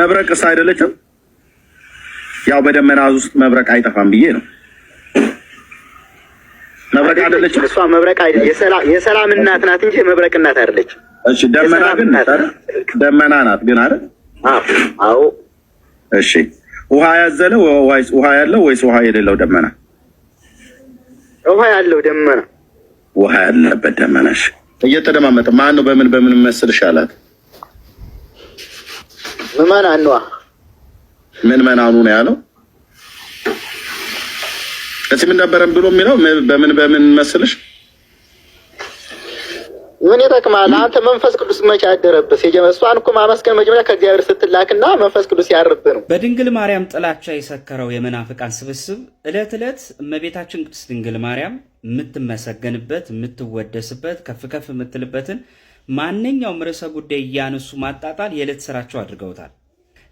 መብረቅ እሳ አይደለችም። ያው በደመና ውስጥ መብረቅ አይጠፋም ብዬ ነው። መብረቅ አይደለችም እሷ። መብረቅ አይደለች፣ የሰላም እናት ናት እንጂ የመብረቅ እናት አይደለችም። እሺ ደመና ግን ደመና ናት ግን አይደል? አዎ። እሺ ውሃ ያዘለ ወይስ ውሃ ያለው ወይስ ውሃ የሌለው ደመና? ውሃ ያለው ደመና። ውሃ ያለበት ደመና። እሺ እየተደማመጠ ማን ነው በምን በምን መስልሽ አላት ምን ምዕመናኑ ነው ያለው። እዚህ ምን ነበረን ብሎ የሚለው በምን በምን መስልሽ ምን ይጠቅማል? አንተ መንፈስ ቅዱስ መቼ ያደረብህ? እሷን እኮ ማመስገን መጀመሪያ ከእግዚአብሔር ስትላክና መንፈስ ቅዱስ ያርብህ ነው። በድንግል ማርያም ጥላቻ የሰከረው የመናፍቃን ስብስብ እለት እለት እመቤታችን ቅድስት ድንግል ማርያም የምትመሰገንበት የምትወደስበት ከፍ ከፍ የምትልበትን ማንኛውም ርዕሰ ጉዳይ እያነሱ ማጣጣል የዕለት ስራቸው አድርገውታል።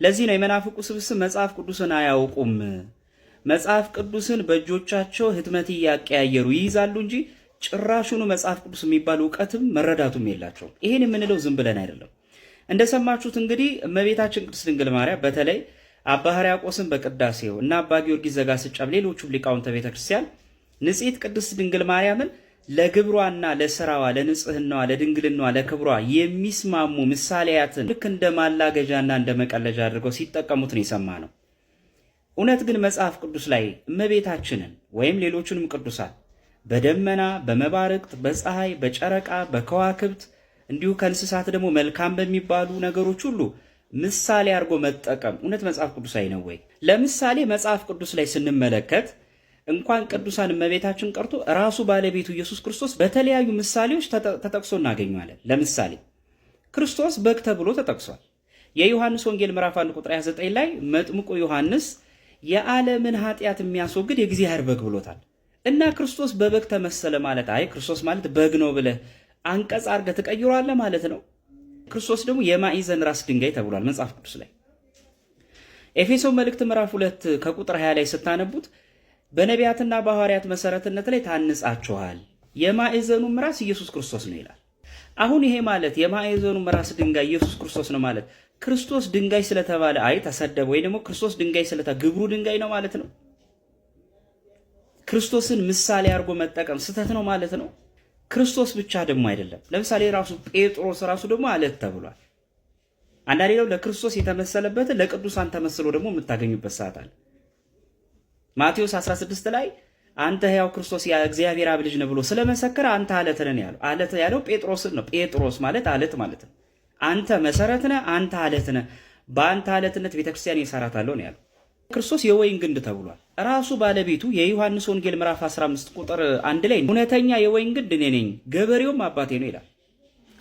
ለዚህ ነው የመናፍቁ ስብስብ መጽሐፍ ቅዱስን አያውቁም፣ መጽሐፍ ቅዱስን በእጆቻቸው ህትመት እያቀያየሩ ይይዛሉ እንጂ ጭራሹኑ መጽሐፍ ቅዱስ የሚባል እውቀትም መረዳቱም የላቸውም። ይህን የምንለው ዝም ብለን አይደለም። እንደሰማችሁት እንግዲህ እመቤታችን ቅድስት ድንግል ማርያም በተለይ አባ ሕርያቆስን በቅዳሴው እና አባ ጊዮርጊስ ዘጋስጫም ሌሎቹም ሊቃውንተ ቤተክርስቲያን ንጽሕት ቅድስት ድንግል ማርያምን ለግብሯና ለስራዋ ለንጽህናዋ ለድንግልናዋ ለክብሯ የሚስማሙ ምሳሌያትን ልክ እንደ ማላገዣና እንደ መቀለጃ አድርገው ሲጠቀሙት ነው የሰማነው። እውነት ግን መጽሐፍ ቅዱስ ላይ እመቤታችንን ወይም ሌሎቹንም ቅዱሳት በደመና በመባረቅት በፀሐይ በጨረቃ በከዋክብት እንዲሁ ከእንስሳት ደግሞ መልካም በሚባሉ ነገሮች ሁሉ ምሳሌ አድርጎ መጠቀም እውነት መጽሐፍ ቅዱሳዊ ነው ወይ? ለምሳሌ መጽሐፍ ቅዱስ ላይ ስንመለከት እንኳን ቅዱሳን እመቤታችን ቀርቶ ራሱ ባለቤቱ ኢየሱስ ክርስቶስ በተለያዩ ምሳሌዎች ተጠቅሶ እናገኘዋለን። ለምሳሌ ክርስቶስ በግ ተብሎ ተጠቅሷል። የዮሐንስ ወንጌል ምዕራፍ 1 ቁጥር 29 ላይ መጥምቁ ዮሐንስ የዓለምን ኃጢአት የሚያስወግድ የእግዚአብሔር በግ ብሎታል። እና ክርስቶስ በበግ ተመሰለ ማለት አይ ክርስቶስ ማለት በግ ነው ብለህ አንቀጽ አድርገህ ትቀይሯለህ ማለት ነው። ክርስቶስ ደግሞ የማዕዘን ራስ ድንጋይ ተብሏል መጽሐፍ ቅዱስ ላይ ኤፌሶ መልእክት ምዕራፍ 2 ከቁጥር 20 ላይ ስታነቡት በነቢያትና በሐዋርያት መሰረትነት ላይ ታንጻችኋል፣ የማዕዘኑም ራስ ኢየሱስ ክርስቶስ ነው ይላል። አሁን ይሄ ማለት የማዕዘኑም ራስ ድንጋይ ኢየሱስ ክርስቶስ ነው ማለት ክርስቶስ ድንጋይ ስለተባለ አይ ተሰደበ፣ ወይ ደግሞ ክርስቶስ ድንጋይ ስለተ ግብሩ ድንጋይ ነው ማለት ነው። ክርስቶስን ምሳሌ አድርጎ መጠቀም ስህተት ነው ማለት ነው። ክርስቶስ ብቻ ደግሞ አይደለም። ለምሳሌ ራሱ ጴጥሮስ ራሱ ደግሞ አለት ተብሏል። አንዳንዴ ነው ለክርስቶስ የተመሰለበትን ለቅዱሳን ተመስሎ ደግሞ የምታገኙበት ሰዓት አለ። ማቴዎስ 16 ላይ አንተ ሕያው ክርስቶስ የእግዚአብሔር አብ ልጅ ነው ብሎ ስለመሰከረ አንተ አለት ነን ያለው። አለት ያለው ጴጥሮስን ነው። ጴጥሮስ ማለት አለት ማለት ነው። አንተ መሰረት ነህ፣ አንተ አለት ነህ፣ በአንተ አለትነት ቤተክርስቲያን ይሰራታለሁ ነው ያለው። ክርስቶስ የወይን ግንድ ተብሏል። ራሱ ባለቤቱ የዮሐንስ ወንጌል ምዕራፍ 15 ቁጥር አንድ ላይ እውነተኛ የወይን ግንድ እኔ ነኝ፣ ገበሬውም አባቴ ነው ይላል።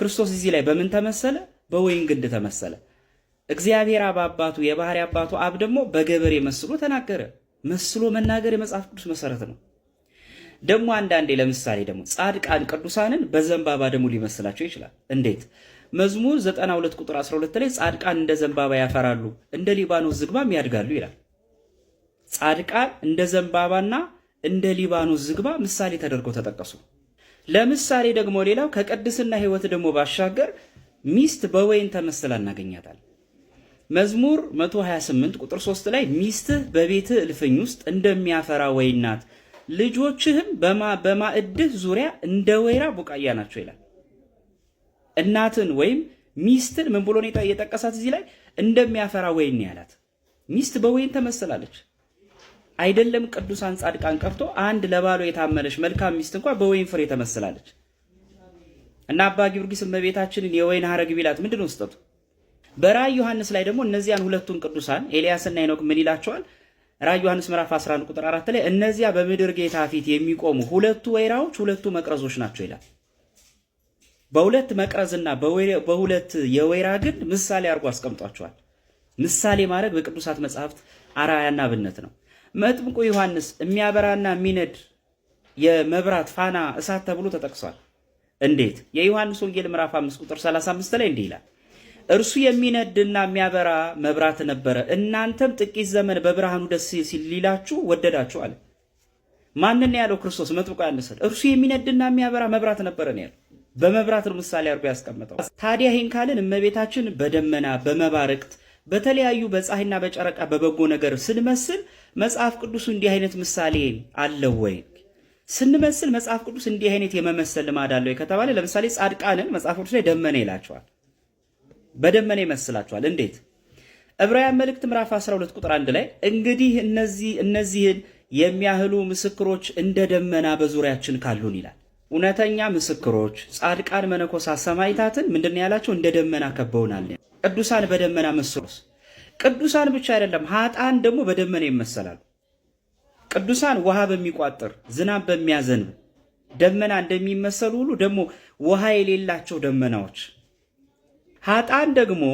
ክርስቶስ እዚህ ላይ በምን ተመሰለ? በወይን ግንድ ተመሰለ። እግዚአብሔር አብ አባቱ የባህሪ አባቱ አብ ደግሞ በገበሬ መስሎ ተናገረ። መስሎ መናገር የመጽሐፍ ቅዱስ መሰረት ነው። ደግሞ አንዳንዴ ለምሳሌ ደግሞ ጻድቃን ቅዱሳንን በዘንባባ ደግሞ ሊመስላቸው ይችላል። እንዴት? መዝሙር 92 ቁጥር 12 ላይ ጻድቃን እንደ ዘንባባ ያፈራሉ፣ እንደ ሊባኖስ ዝግባም ያድጋሉ ይላል። ጻድቃን እንደ ዘንባባና እንደ ሊባኖስ ዝግባ ምሳሌ ተደርገው ተጠቀሱ። ለምሳሌ ደግሞ ሌላው ከቅድስና ሕይወት ደግሞ ባሻገር ሚስት በወይን ተመስላ እናገኛታለን። መዝሙር 128 ቁጥር 3 ላይ ሚስትህ በቤትህ እልፍኝ ውስጥ እንደሚያፈራ ወይን ናት፣ ልጆችህም በማዕድህ ዙሪያ እንደ ወይራ ቡቃያ ናቸው ይላል። እናትን ወይም ሚስትን ምን ብሎ የጠቀሳት እዚህ ላይ እንደሚያፈራ ወይን ያላት። ሚስት በወይን ተመስላለች። አይደለም ቅዱሳን ጻድቃን ቀርቶ አንድ ለባሎ የታመነች መልካም ሚስት እንኳ በወይን ፍሬ ተመስላለች እና አባ ጊዮርጊስ እመቤታችንን የወይን ሐረግ ቢላት ምንድን ነው ስጠቱ? በራእይ ዮሐንስ ላይ ደግሞ እነዚያን ሁለቱን ቅዱሳን ኤልያስና ሄኖክ ምን ይላቸዋል? ራእይ ዮሐንስ ምዕራፍ 11 ቁጥር 4 ላይ እነዚያ በምድር ጌታ ፊት የሚቆሙ ሁለቱ ወይራዎች ሁለቱ መቅረዞች ናቸው ይላል። በሁለት መቅረዝና በሁለት የወይራ ግንድ ምሳሌ አድርጎ አስቀምጧቸዋል። ምሳሌ ማድረግ በቅዱሳት መጽሐፍት አራያና አብነት ነው። መጥምቁ ዮሐንስ የሚያበራና የሚነድ የመብራት ፋና እሳት ተብሎ ተጠቅሷል። እንዴት? የዮሐንስ ወንጌል ምዕራፍ 5 ቁጥር 35 ላይ እንዲህ ይላል እርሱ የሚነድና የሚያበራ መብራት ነበረ፣ እናንተም ጥቂት ዘመን በብርሃኑ ደስ ሲሊላችሁ ወደዳችሁ አለ። ማንን ያለው? ክርስቶስ መጥምቁ ያነሰል እርሱ የሚነድና የሚያበራ መብራት ነበረ ነው ያለው። በመብራት ነው ምሳሌ አድርጎ ያስቀመጠው። ታዲያ ይህን ካልን እመቤታችን በደመና በመባረቅት በተለያዩ በፀሐይና በጨረቃ በበጎ ነገር ስንመስል መጽሐፍ ቅዱሱ እንዲህ አይነት ምሳሌ አለው ወይ? ስንመስል መጽሐፍ ቅዱስ እንዲህ አይነት የመመሰል ልማድ አለው ከተባለ ለምሳሌ ጻድቃንን መጽሐፍ ቅዱስ ላይ ደመና ይላቸዋል። በደመና ይመስላችኋል። እንዴት? ዕብራውያን መልእክት ምዕራፍ 12 ቁጥር 1 ላይ እንግዲህ እነዚህን የሚያህሉ ምስክሮች እንደ ደመና በዙሪያችን ካሉን ይላል። እውነተኛ ምስክሮች፣ ጻድቃን፣ መነኮሳት፣ ሰማይታትን ምንድን ያላቸው እንደ ደመና ከበውናል። ቅዱሳን በደመና መስሎስ ቅዱሳን ብቻ አይደለም፣ ሀጣን ደግሞ በደመና ይመሰላሉ። ቅዱሳን ውሃ በሚቋጥር ዝናብ በሚያዘንብ ደመና እንደሚመሰሉ ሁሉ ደግሞ ውሃ የሌላቸው ደመናዎች ሀጣን ደግሞ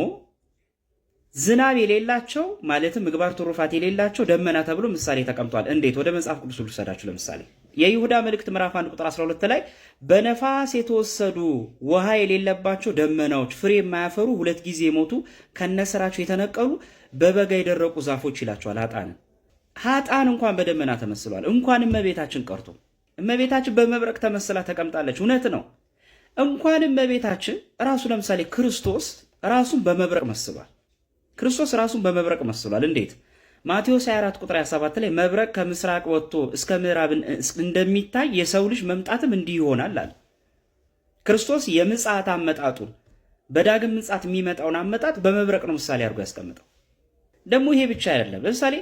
ዝናብ የሌላቸው ማለትም ምግባር ትሩፋት የሌላቸው ደመና ተብሎ ምሳሌ ተቀምጧል። እንዴት? ወደ መጽሐፍ ቅዱስ ልውሰዳችሁ። ለምሳሌ የይሁዳ መልእክት ምዕራፍ 1 ቁጥር 12 ላይ በነፋስ የተወሰዱ ውሃ የሌለባቸው ደመናዎች፣ ፍሬ የማያፈሩ ሁለት ጊዜ የሞቱ ከነስራቸው የተነቀሉ በበጋ የደረቁ ዛፎች ይላቸዋል። ሀጣን ሀጣን እንኳን በደመና ተመስሏል። እንኳን እመቤታችን ቀርቶ እመቤታችን በመብረቅ ተመስላ ተቀምጣለች። እውነት ነው። እንኳንም እመቤታችን ራሱ ለምሳሌ ክርስቶስ ራሱን በመብረቅ መስሏል። ክርስቶስ ራሱን በመብረቅ መስሏል። እንዴት? ማቴዎስ 24 ቁጥር 27 ላይ መብረቅ ከምስራቅ ወጥቶ እስከ ምዕራብ እንደሚታይ የሰው ልጅ መምጣትም እንዲህ ይሆናል አለ። ክርስቶስ የምጽአት አመጣጡን በዳግም ምጽአት የሚመጣውን አመጣጥ በመብረቅ ነው ምሳሌ አድርጎ ያስቀምጠው። ደግሞ ይሄ ብቻ አይደለም። ለምሳሌ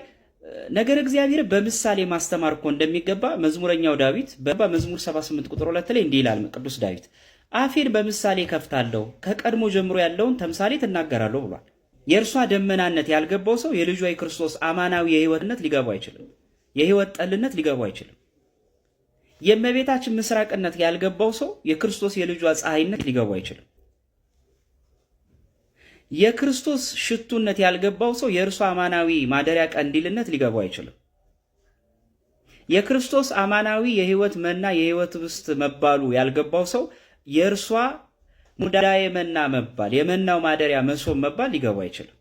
ነገር እግዚአብሔር በምሳሌ ማስተማር እኮ እንደሚገባ መዝሙረኛው ዳዊት በመዝሙር 78 ቁጥር 2 ላይ እንዲህ ይላል ቅዱስ ዳዊት አፌን በምሳሌ ከፍታለሁ፣ ከቀድሞ ጀምሮ ያለውን ተምሳሌ ትናገራለሁ ብሏል። የእርሷ ደመናነት ያልገባው ሰው የልጇ የክርስቶስ አማናዊ የህይወትነት ሊገባው አይችልም። የህይወት ጠልነት ሊገባው አይችልም። የእመቤታችን ምስራቅነት ያልገባው ሰው የክርስቶስ የልጇ ፀሐይነት ሊገባው አይችልም። የክርስቶስ ሽቱነት ያልገባው ሰው የእርሷ አማናዊ ማደሪያ ቀንዲልነት ሊገባው አይችልም። የክርስቶስ አማናዊ የህይወት መና የህይወት ውስጥ መባሉ ያልገባው ሰው የእርሷ ሙዳየ መና መባል የመናው ማደሪያ መሶብ መባል ሊገባ አይችልም።